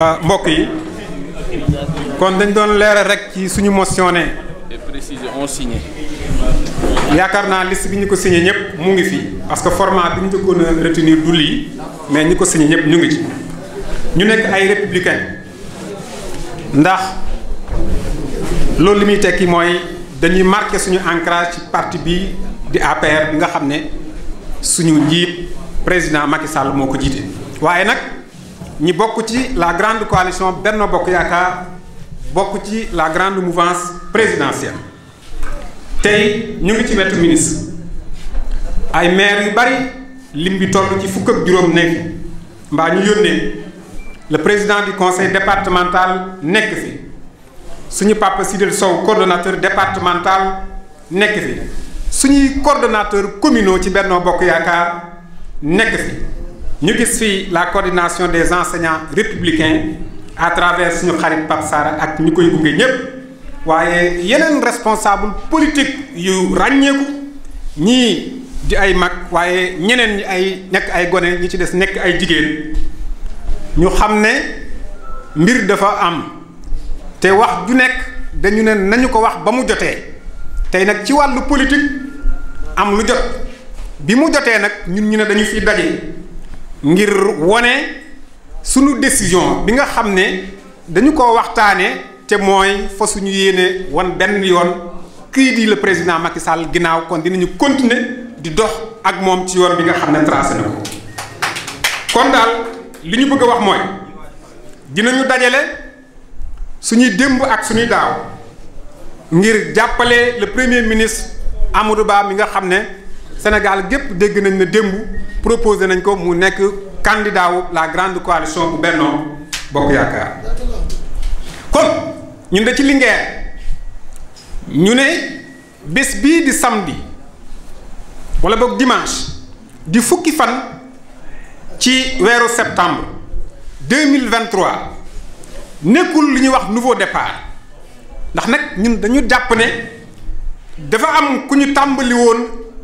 Ah, mbokk yi kon dañ doon leeral rek ci suñu motionné et préciser on signé yaakaar naa liste bi ñu ko signé ñëpp mu ngi fi parce que format bi ñu njëkkoon a retenir du lii mais ñu ko signé ñëpp ñu ngi ci ñu nekk ay républicain ndax loolu li muy tekki mooy dañuy marqué suñu ancrage ci parti bi di APR bi nga xam ne suñu njiit président Macky Sall moo ko jiite waaye nag ñi bokku ci la grande coalition Benno Bokk Yaakaar bokku ci la grande mouvance présidentielle tey ñu ngi ci wetu ministre ay maire yu bari lim bi toll ci fukk ak juróom nekk mbaa ñu yónnee le président du conseil départemental nekk fi suñu papa Sidel Sow coordonnateur départemental nekk fi suñuy coordonnateur communaux ci Benno Bokk Yaakaar nekk fi ñu gis fii la coordination des enseignants républicains à travers nos xarit Pape Sara ak ñu koy gunge y waaye yeneen responsable politique yu ràññeeku ñii di ay mag waaye en ñi ay nekk ay gone ñi ci des nek ay jigéen ñu xam ne mbir dafa am té wax du nek dañu né nañu ko wax ba mu joté tay nak ci walu politique am lu jot bi mu joté nak ñun ñu ne dañu fi dajé ngir wone sunu décision bi nga xam ne dañu ko waxtaanee te mooy fa suñu yéene wan benn yoon kii di le président Macky Sall ginnaaw kon dinañu continuer di dox ak moom ci yoon bi nga xam ne tracé kon daal li ñu bëgg a wax mooy dinañu dajale suñuy démb ak suñuy daaw ngir jàppale le premier ministre Amadou Ba mi nga xam ne Sénégal gépp dégg nañ ne démb proposé nañ ko mu nek candidat la grande coalition bu Benno Bokk Yaakaar kon ñun da ci Linguère ñu ne bés bii di samedi wala bok dimanche di fukki fan ci wéru septembre 2023 nekul vingt li ñuy wax nouveau départ ndax nak ñun dañu japp né dafa am ku ñu tambali won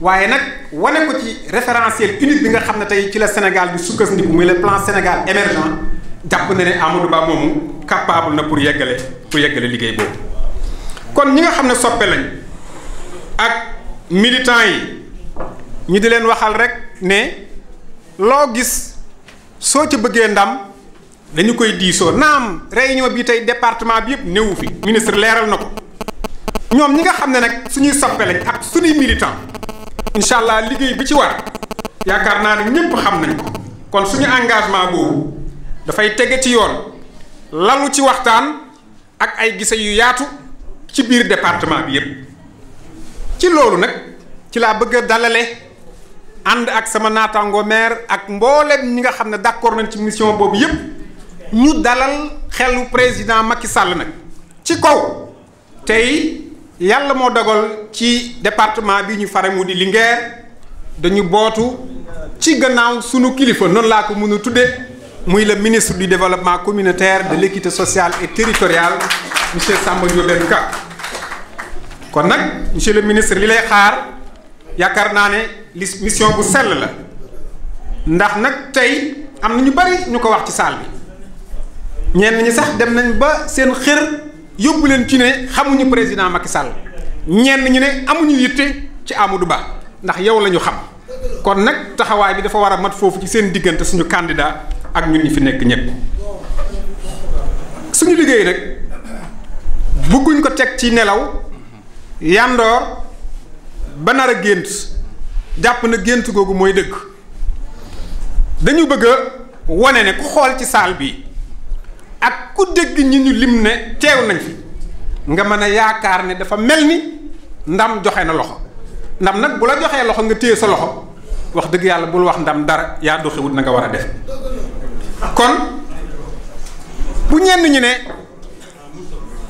waaye nag wane ko ci référentiel unique bi nga xam ne tey ci la Sénégal bi sukkandiku muy le plan Sénégal émergent jàpp na ne Amadou Ba moomu capable na pour yeggale pour yeggale liggéey boobu. kon ñi nga xam ne soppe lañ ak militants yi ñu di leen waxal rek ne loo gis soo ci bëggee ndam dañu koy diisoo naam réunion bii tey département bi yëpp néewu fi ministre leeral na ko ñoom ñi nga xam ne nag suñuy soppe lañ ak suñuy militants. incha allah liggéey bi ci war yaakaar naa ne ñëpp xam nañ ko kon suñu engagement boobu dafay tege ci yoon lalu ci waxtaan ak ay gise yu yaatu ci biir département bi yépp ci loolu nag ci laa bëgg a dalale ànd ak sama naataango maire ak mboolem ñi nga xam ne d'accord nañ ci mission boobu yépp ñu dalal xelu président Macky sàll nag ci kaw tey yalla mo dogal ci département bi ñu fare mu di dañu botu ci gannaaw suñu kilifa non la ko mënu a tudde muy le ministre du développement communautaire de l'équité sociale et territoriale monsieur Samba Ndiobène Ka kon nak monsieur le ministre li lay xaar yaakaar li mission bu sel la ndax nak tay am na ñu bari ñuko wax ci salle bi ñen ñi sax dem nañ ba seen xër yóbbu leen ci ne xamuñu président Macky Sall ñenn ñu ne amuñu yitte ci Amadou Ba ndax yow lañu xam kon nag taxawaay bi dafa war a mat foofu ci seen diggante suñu candidat ak ñun ñi fi nekk ñëpp suñu liggéey nag bëgguñ ko teg ci nelaw yandoor ba nar gént jàpp na gént googu mooy dëgg dañu bëgg a wane ne ku xool ci saal bi ku dégg ñi ñu lim ne teew nañ fi nga mën a yaakaar ne dafa mel ni ndam joxe na loxo ndam nag bu la joxee loxo nga téye sa loxo wax dëgg yàlla bul wax ndam dara yaa doxewut na nga war a def kon bu ñenn ñu ne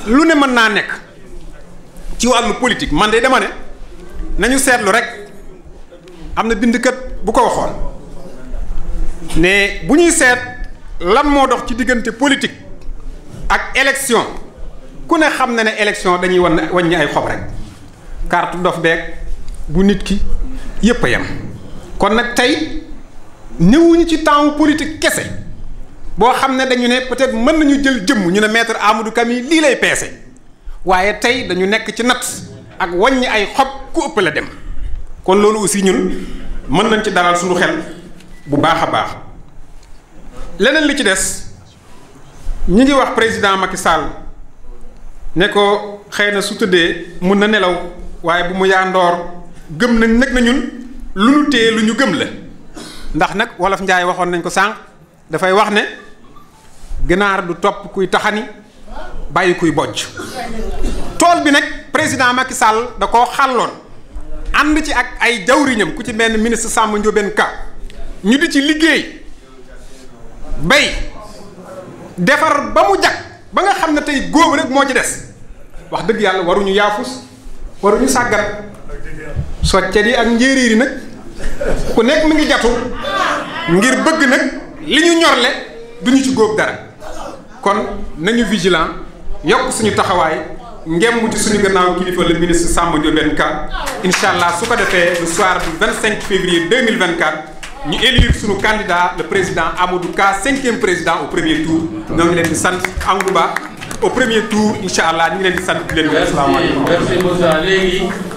lu ne mën naa nekk ci wàllu politique man de dema ne nañu seetlu rek am na bindkat bu ko waxoon ne bu ñuy seet lan moo dox ci diggante politique ak élection ku ne xam na ne élection dañuy wan wàññi ay xob rek carte dof beeg bu nit ki yépp a yem kon nag tey ñëwuñu ci temps politique kese boo xam ne dañu ne peut-être mën nañu jël jëmm ñu ne maître Amadou Kami lii lay peese waaye tey dañu nekk ci natt ak wàññi ay xob ku ëpp la dem kon loolu aussi ñun mën nañ ci daral suñu xel bu baax a baax leneen li ci des. ñi ngi wax président Macky Sall ne ko xëy na su tëddee mun na nelaw waaye bu mu yaandoor gëm nañ nag na ñun lu ñu téye lu ñu gëm la ndax nag wolof njaay waxoon nañ ko sànq dafay wax ne ginaar du topp kuy taxani bàyyi kuy bojj tool bi nag président Macky Sall da koo xàlloon ànd ci ak ay jawriñam ku ci mel ministre sàmm Ndiobène Ka ñu di ci liggéey bay defar ba mu jak ba nga xamne tay goob rek mo ci dess wax dëgg yàlla waruñu yaafus waruñu sagal soccet di ak nak ku nek mi ngi jatu ngir bëgg nak li ñu duñu ci goob dara kon nañu vigilant yok suñu taxaway ngem ci suñu gannaaw kilifa le ministre Samba Ndiobène Benka inshallah su ko le soir du 25 février 2024 Nous élire le candidat le président Amadou Ka cinquième président au premier tour ñoo ngi leen au premier tour Inch'Allah, nous ñu ngi leen di sant